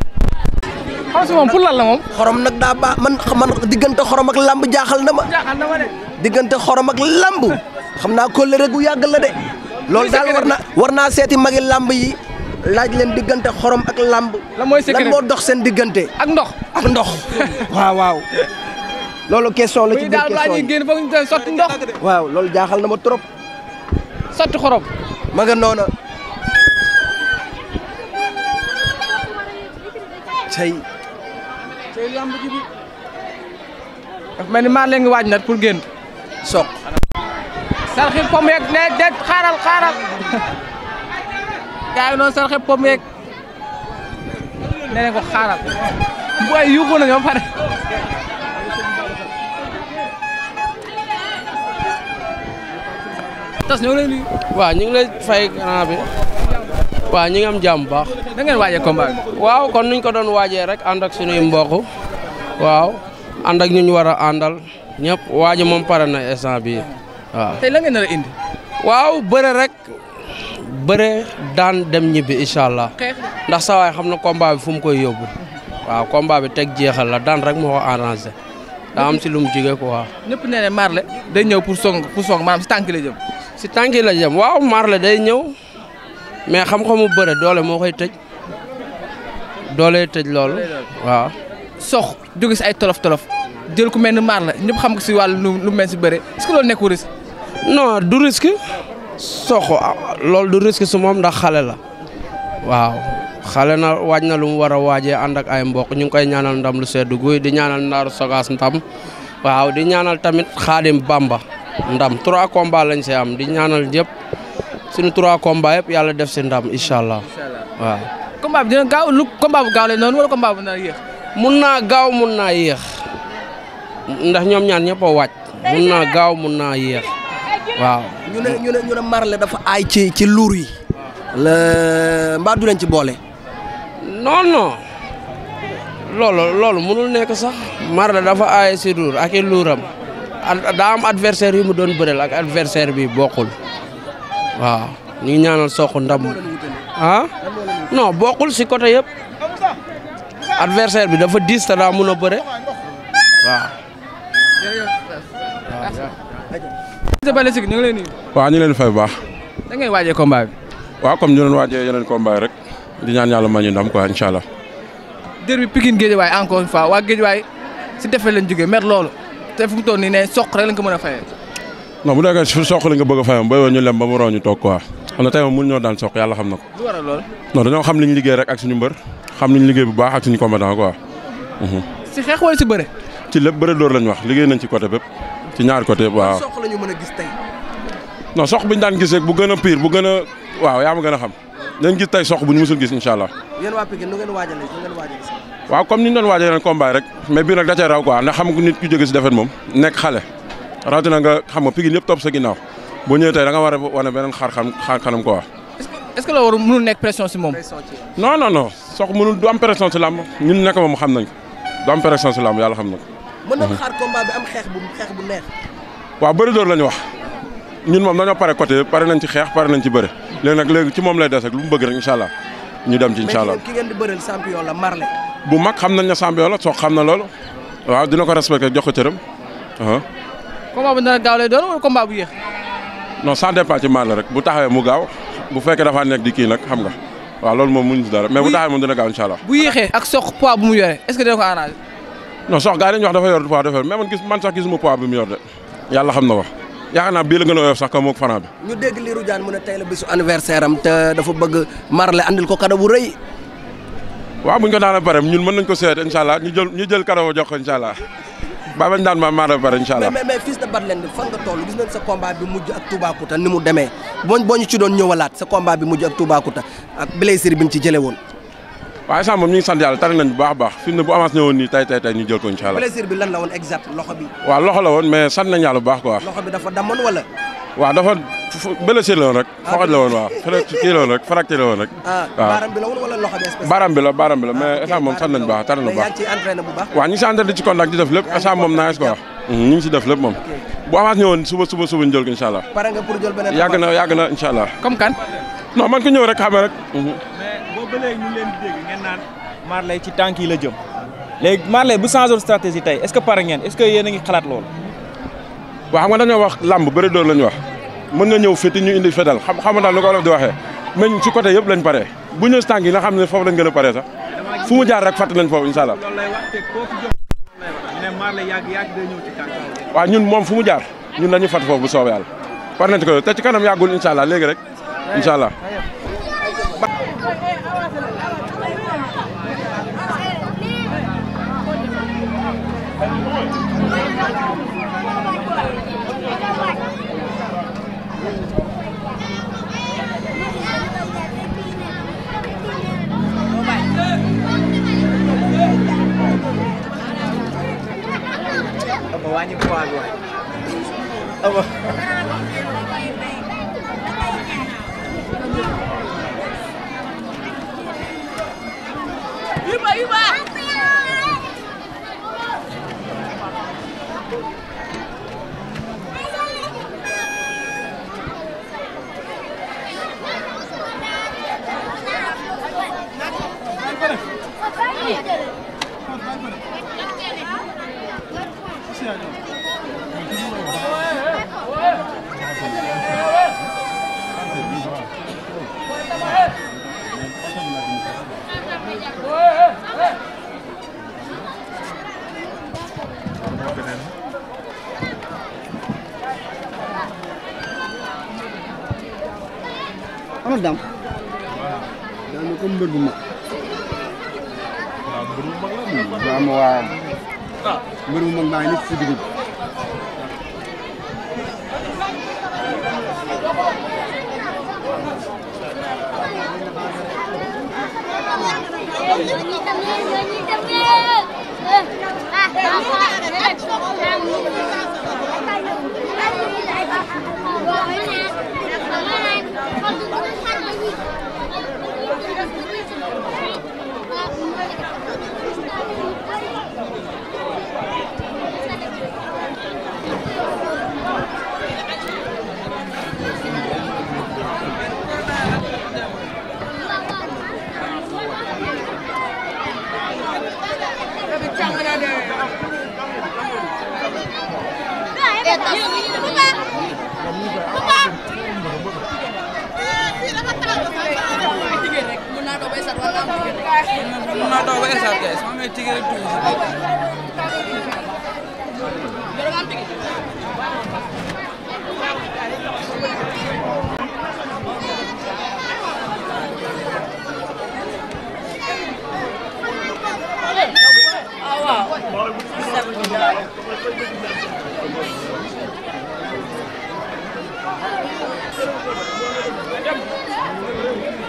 xam si moom pour lan la moom. xorom nag daa baax man man diggante xorom ak lamb jaaxal na na diggante xorom ak lamb. xam naa kóllëre gu yàgg la de loolu daal war na war naa seeti magi làmb yi laaj leen diggante xorom ak làmb lan moo dox seen diggante ak ndox ak ndox waaw waaw loolu question la ci biir question yi génn foog ñu sotti ndox waaw loolu jaaxal na ma trop sotti xorom ma nga noona cay cay làmb ji bi mel ni maa leen ngi waaj nat pour génn soq salxi pom yeeg ne déet xaaral xaaral gaa yi noonu salxi pom yeeg nee nañ xaaral bu yuuxu nañu ba tas ñoo ngi lay ñu ngi la fay grand bi waaw ñu ngi am jaam bu baax da ngeen waajee combat waaw kon nuñ ko doon waajee rek ànd ak suñuy mbokk waaw ànd ñu ñu war a àndal ñëpp waaji moom pare na instant bii waaw tey lan nga indi. waaw bëre rek bëre daan dem ñibbi incha allah. ndax saa xam na combat bi fu mu koy yóbbu. waaw combat bi teg jeexal la daan rek moo ko arrangé. daa am si lu mu jugee quoi. ñëpp nee na day ñëw pour song pour song tànk la jëm. si tànk la jëm waaw Marley day ñëw mais xam-xamu bëre doole moo koy tëj doole tëj loolu waaw. sox jóge si ay tolof tolof jël ku mel ni Marley ñëpp xam ko si wàllu lu mel si bëre est-ce loolu nekkul risque non du risque soxo ah, loolu du risque su moom ndax xale la waaw xale na waaj na lu mu war a waajee ànd ay mbokk ñu ngi koy ñaanal ndam lu sedd guy di ñaanal Ndaaru Sogaas ndam waaw di ñaanal tamit Xaadim bàmba ndam trois combats lañ si am di ñaanal ñëpp suñu trois combats yëpp yàlla def si ndam incha allah waaw. combat dina gaaw mun naa gaaw mun naa yéex ndax ñoom ñaan ñëpp a waaj mun naa gaaw mun naa yéex. waaw ñu ne ñu ne ñu ne marle dafa aay ci ci luur yi. la mbaa du ci boole. non loolu loolu mënul nekk sax. marle dafa aay si luur ak i luuram daa am yi mu doon bëre ak adversaire bi bokkul waaw ñu ngi ñaanal soq ndam ah non bokkul si côté yëpp adversaire bi dafa diis te daa mun a bëre waaw. Fils de Balla ñu ngi lay nuyu. waaw ñu ngi leen fay bu baax. da ngay waajee combat bi. waaw comme ñu leen waajee yeneen combat rek di ñaan yàlla ma ñu ndam quoi incha allah. derby Pikine Guédiawaye encore une fois waa Guédiawaye si defee leen jógee mer loolu te fu mu toll nii ne soq rek lañ ko mën a fayee. non bu nekkee su soq lañ ko bëgg a fayam booy ñu lem ba mu roo ñu toog quoi xam na tey moom daan soq yàlla xam na ko. lu waral loolu. non dañoo xam li liggéey rek ak suñu mbër xam li ñu bu baax ak suñu combattant quoi. Mhm. si xeex wala si bëre. ci lépp bëre door lañ wax liggéey nañ ci côté bépp ci ñaar côté waaw. sox la ñu mën a gis tey. non sox bi daan gis rek bu gën a pire bu gën a waaw yaa ma a xam nañ gis tey sox bu ñu mësul gis incha allah. yéen waa Pikine nu ngeen waajalee nu ngeen waajalee si. waaw comme ni ñu doon waajal yeneen combat rek mais bii nag raw quoi ndax xam nga nit ku defet moom nekk xale rawatina nga xam nga Pikine ñëpp topp sa ginnaaw boo ñëwee tey da nga war a beneen xaar xam xaar kanam quoi. est-ce que la war mënul nekk pression si moom. non non non sox mënul du am pression si làmb nekk moom xam nañ ko du am pression si xam na ko mën nañu mhm. xaar combat bi am xeex bu wax ñun moom dañoo pare côté pare nañ ci xeex pare nañ ci bëre léegi nag léegi ci moom lay des lu mu bëgg rek incha allah ñu dem ci incha allah ki ngeen di bëreel champion la Marley bu mag xam nañ ne champion la soog xam na loolu waaw dina ko respecté jox ko cëram. combat bu nar a gaaw lay doon wala combat bu yéex. non ça dépend ci Marley rek bu taxawee mu gaaw bu fekkee dafaa nekk di kii nag xam nga waaw loolu moom muñ ci dara. bu taxawee moom dina gaaw mu yore est-ce que non sax gars yi dañuy wax dafa yor poids dafa yor mais man gis man sax gisuma poids bi mu yor de yàlla xam na wax yaakaar naa bii la gën a oyof sax ka moog Franc bi. ñu dégg Lirou Diane mu ne tey la bisu anniversaire am te dafa bëgg Marley andil ko cadeau bu rëy. waaw bu ñu ko daan a pare ñun mën nañ ko seet incha allah ñu jël ñu jël cadeau jox ko incha allah ba bañ daan ma Marley pare incha allah. mais mais fils de Batlen fan nga toll gis nañ sa combat bi mujj ak Toubacouta ni mu demee boo boo ñu ci doon ñëwalaat sa combat bi mujj ak Toubacouta ak bi ñu ci jëlee woon waa sax moom ñu ngi sant yàlla tari nañ baax a baax fi mu ne bu avance ñëwoon nii tay tay tay ñu jël ko incha allah. la woon exact loxo bi. waaw loxo la woon mais sant nañ yàlla baax quoi. loxo dafa damoon wala. waaw dafa blessé la woon rek. Ah, foxoj la woon waaw kii moom sant nañ baax tari na baax. mais yaa si entraîné ci contact di def lépp instant moom naa quoi. Mhm, ñu si def lépp moom. bu avance ñëwoon suba suba suba ñu jël ko na yàgg na incha allah. kan. non man ko ñëw ba léegi ñu leen Marley ci tànk yi la jëm léegi Marley bu changé stratégie tey est-ce que par ngeen est-ce que yéen a ngi xalaat loolu. waaw xam nga dañoo wax làmb bëri door la ñu wax mën nga ñëw fiti ñu indi fetal xam xam nga daal lu ko olof di waxe mais ci côté yëpp lañ pare bu ñëw si tànk yi xam ne foofu lañ gën a pare sax fu mu jaar rek fàtte lañ foofu incha allah. waaw ñun moom fu mu jaar ñun lañu fàtte foofu bu soobee yàlla war nañ ko te ci kanam yàggul incha allah léegi rek incha allah. xam nga Это... mën naa daw ba esaat kay sama may tigé rek dugg Thank you.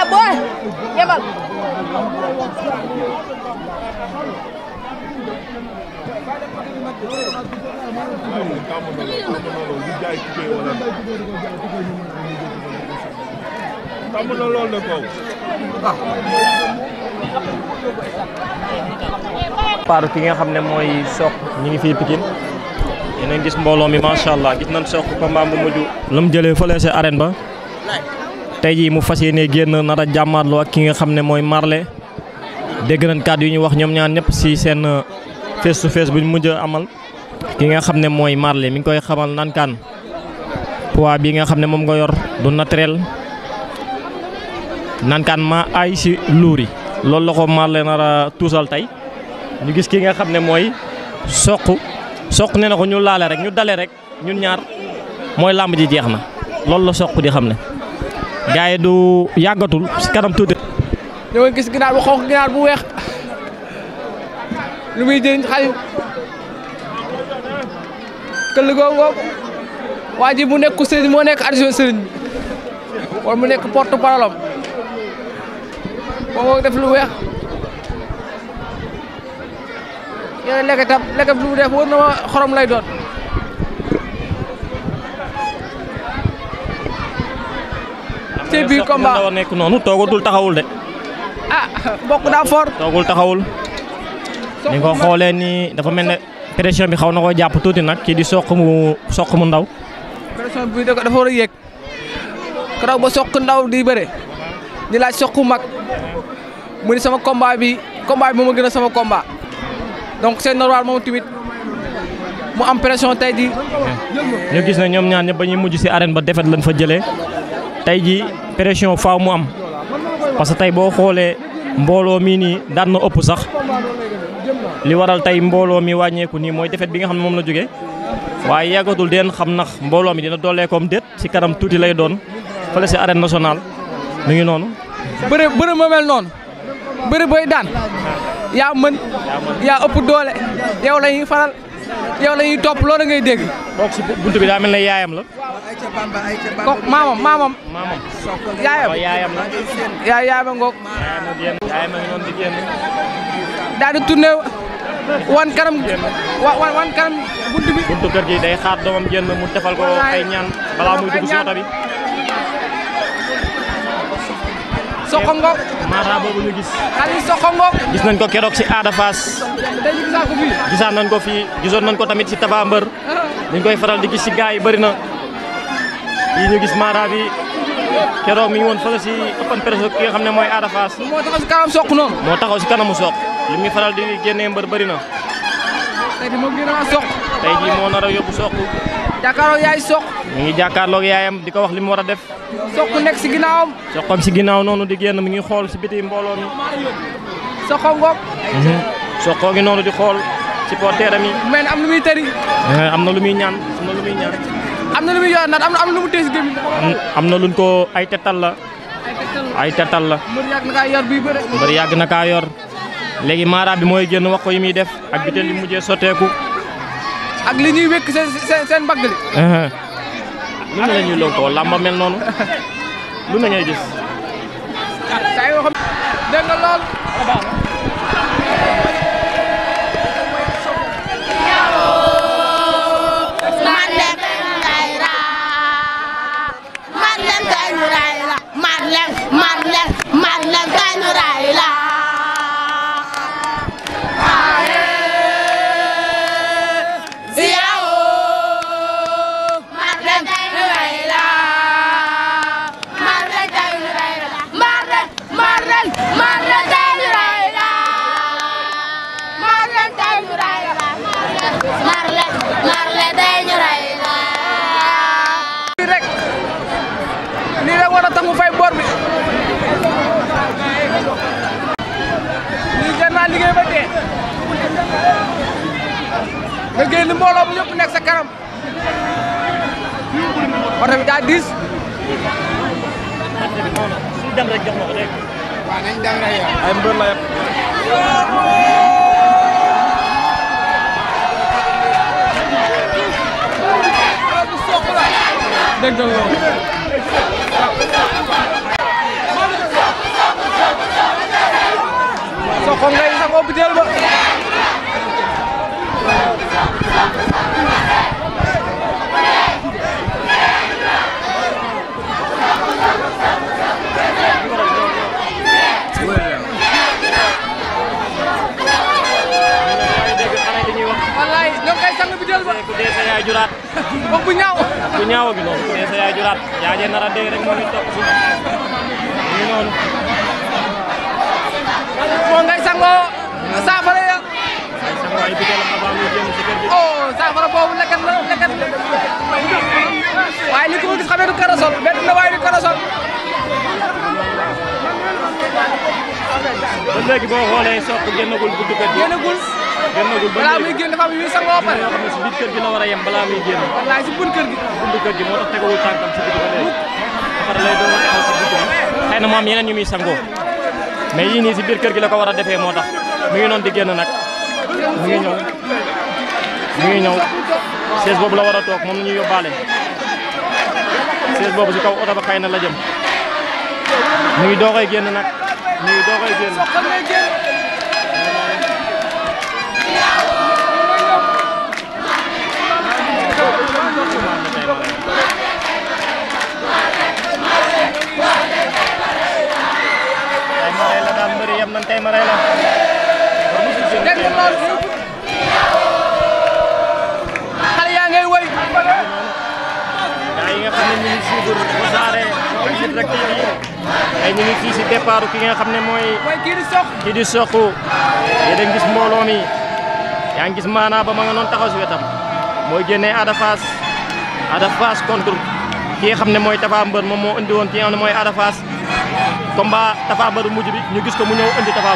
yaa booy yebal ki nga xam ne mooy soq ñu ngi fii Pikine yéen gis mbooloo mi macha allah gis nañ soq combat bu mujj. la mu jëlee fële ca arène ba. tey jii mu fas yéene génn nar a ak ki nga xam ne mooy Marley dégg nañ yu ñu wax ñoom ñaan ñëpp si seen euh, face to face bu ñu mujj amal ki nga xam ne mooy Marley mi ngi koy xamal naan kaan poids bi nga xam ne moom nga yor du naturel naan kaan maa aay si luur yi loolu la ko Marley nar a tuusal tey ñu gis ki nga xam ne mooy soq soq ne na ko ñu laale rek ñu dale rek ñun ñaar mooy làmb ji jeex na loolu la soq di xam ne. gars yi du yàggatul si kanam tuuti. ñoo ngi gis ginaar bu xonq ginaar bu weex lu muy jëriñ xayu këll googu waa ji mu nekk sëriñ moo nekk adjoint sëriñ bi mu nekk porte parole am moo def lu weex yeneen lekk itam lekk bi lu mu def war na xorom lay doon. te biir combat war nekk noonu toogatul taxawul de. ah bokk daa fort. toogul taxawul. ni nga xoolee nii dafa mel ne pression bi xaw na ko jàpp tuuti nag kii di soq mu soq mu ndaw. pression bi dafa war a yéeg. karaw ba soq ndaw di bëre. di laaj soq mag. mu ni sama combat bi combat bi moom gën a sama combat. donc c'est normal moom tamit mu am pression tey di ñu gis ne ñoom ñaan ñëpp ba ñuy mujj si arène ba defet lañ fa jëlee. tey ji pression faaw mu am parce que tey boo xoolee mbooloo mii nii daan na ëpp sax li waral tey mbooloo mi wàññeeku nii mooy defet bi nga xam ne moom la jógee waaye yàggatul den xam nax mbooloo mi dina dooleekoom déet ci kanam tuuti lay doon fële ci arène nationale mu ngi noonu. bëri bëri ma mel noonu bëri booy daan ah. yaa mën yaa ëpp doole yow la faral. yow la ñuy topp loolu ngay dégg. bokk si buntu bi daa mel yaayam la. ko maamam maamam. maamam yaayam yaayam la. yaay yaayam ngoog. yaayam ak noonu di génn. wan kanam. wan kanam buntu bi. buntu kër gi day xaar doomam génn mu defal ko ay ñaan balaa muy dugg si oto Soxongo maara boobu ñu gis Aliou Soxongo gis nañ ko keroog si Ada Fass tey ñu nañ ko fii gisoon nañ ko tamit si Tapha Mbeur ah. dañ koy faral di gis si gars yi bëri na yi ñu gis maara bi keroog mi ngi woon fële si open presse xam ne mooy Ada Fass moo taxaw si kanam soq noonu moo taxaw si kanamu soq li muy faral di génnee mbër bari na tey jii moo nar a yóbbu soq jàkkaarloog yaay Sokh. mi ngi jàkkaarloog yaayam di ko wax li mu war a def. Sokh nekk si ginnaawam. Sokham si ginnaaw noonu di génn mu ngi xool ci biti mbooloo mi. Sokh mhm. ngi noonu di xool supporter am yi. mel eh, am na lu muy tëri. am na lu muy ñaan am na lu muy ñaan. am na am lu mu tëj si am na luñ ko ay tetal la. ay tetal la. mbër yàgg na kaa yor buy bëre. mbër yàgg léegi maaraab bi mooy génn wax ko yi muy def ak bitel yi mujjee sotteeku. ak li ñuy wékk seen seen seen mbagg li. Uh-huh. lu ne la ñuy lëkkoo làmba mel noonu lu ne ngay gis. dégg nga lool. nga génn mbooloo mu ñëpp nekk sa kanam oto bi daa diis. suñu dem rek jox ma ko rek. waaw nañ dem rek yow. ay mbër la yëpp. dégg nga loolu. soxla ngay sax opital ba. wax bu ñaaw bu ñaaw gi noonu dee sa yaay juraat yaa jee nar a dee rek moo ngi topp si ñu noonu moo ngay sangoo saafara oh saafara boobu lekkat la lekkat la waaye li ko gis xamee du karasol bett na waaye du karasol. ba léegi boo xoolee soq génnagul gudd kër gi. génnagul. génnagul ba léegi balaa muy génn dafa am yu sangoo ba pare. yoo xam ne si biir kër gi la war a yem balaa muy génn. wallaay si bunt kër gi. bunt kër gi moo tax tegawul tànkam si biir ba léegi. dafa lay doon taxaw si biir bi. xëy na mu am yeneen yu muy sangoo. mais yii nii si biir kër gi la ko war a defee moo tax mi ngi noonu di génn nag. mi ngi ñëw mi ngi ñëw sees boobu la war a toog moom la ñuy yóbbaale sees boobu si kaw oto ba xëy na la jëm mi ngi doogay génn nag mi ngi doogay génn. tay ma rey la daal mbëri yem nañ tay ma rey la xale yaa ngay woy gaa yi nga xam ne ñu ngi suivre Wassare rek tey ñu ngi fii si ki nga xam ne mooy kii di Sokh yéen a gis mbooloo mi yaa ngi gis maanaa ba moo nga noon taxaw si wetam mooy génnee Ada Fass Ada Fass contre xam ne mooy Tapha Mbeur moom moo indi woon ki nga xam ne mooy Ada Fass combat Tapha mujj bi ñu gis ko mu ñëw indi Tapha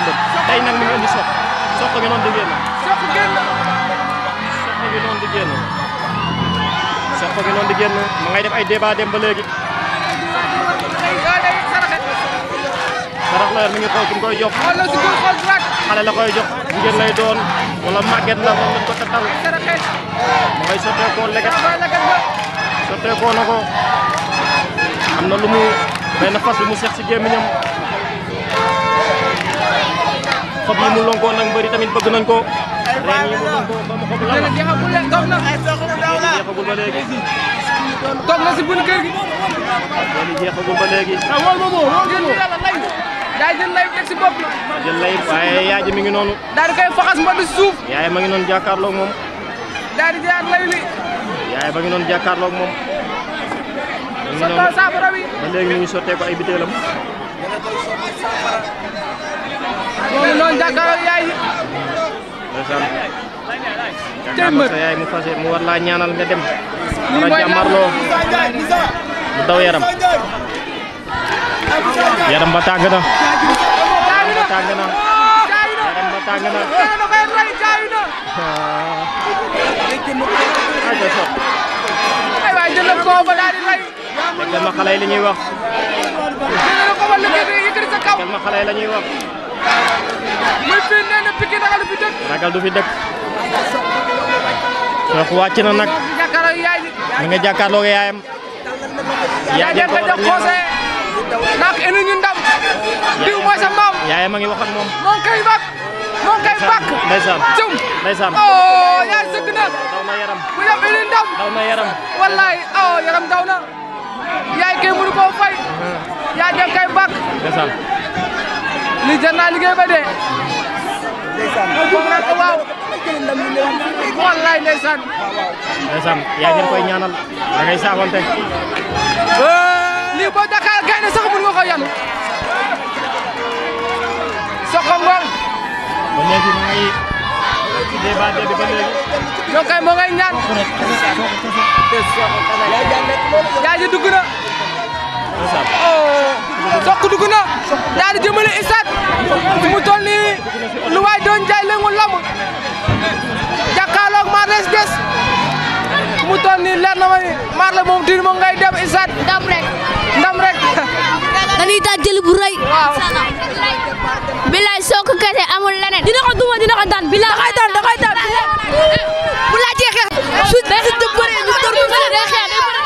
tey nag mu ngi indi Sokh soq gi noonu di génn. soq génn. soq gi noonu di génn. ma ngay def ay débat dem ba léegi. sarax la yor mi ngi xool ki mu koy jox. xale la koy jox jigéen lay doon wala màgget la wala ko tatal. ma ngay sotteekoo leget. sotteekoo na ko. am na lu mu benn fas lu mu seq si gémmiñam. xob yi mu lonkoon nag mbëri tamit bëgg nañ ko ren yi mu lonkoon ba mu xob la la jeexagul leen toog na jeexagul ba léegi toog na si bun kër gi loolu jeexagul ba léegi wol ma moo wol ngeen lay daa jël lay teg si bopp jël lay waaye yaay ji mi ngi noonu daal di koy faxas mba di suuf yaay ma ngi noonu jàkkaarloog moom daal di jaar lay li yaay ba ngi noonu jàkkaarloog moom sottoo saafara bi ba léegi mi ngi sottee ko ay bitéelam moom noonu jàkkaarloo yaay. jërëjëf sa yaay mu fas mu war laa ñaanal nga dem. war a jàmmarloo lu daw yaram. yaram ba tàng na. yaram ba tàng na. yaram ba tàng na. Ah. aywa jël na koo ba daal di rey. déggal ma xale yi li ñuy wax. déggal ma xale yi la ñuy wax. muy fii nee na Pikine ragal du fi dëkk. ragal du fi dëkk. Cheikh wàcc na nag. mi nga jàkkaarloo yaayam. yaayam nga jox conseil. nak enu ñu ndam. diw mooy sa maam. yaayam a ngi wax ak moom. moom kay bak. moom kay bak. ndeysaan jëm. ndeysaan oh yaay sëgg na. daw na yaram. bu ñu enu ndam. daw na yaram. wallaay oh yaram daw na. yaay kay mënu koo fay. Uh-huh. yaa jëm kay bak. ndeysaan. li jar naa liggéey ba dee. ndeysaan waaw. wallaay ndeysaan. ndeysaan yaa ngeen koy ñaanal da ngay saafante. lii boo Dakar gaynde sax mun nga ko yanu. Sokka Ngom. ba léegi mu ngi débat bi ba léegi. ñoo koy moo ngay ñaan. jaaji dugg na. soq dugg na daal di jëmale isaat mu toll nii lu waay doon jaay lengu lamb jàkkaarloog maar des des mu toll nii leer na ma ni maar la moom diin moom ngay dem isaat ndam rek ndam rek dañuy daan jël bilaay sook kese amul leneen dina ko duma dina ko daan bilaay da koy daan da koy daan bu laajee xeex su day xeex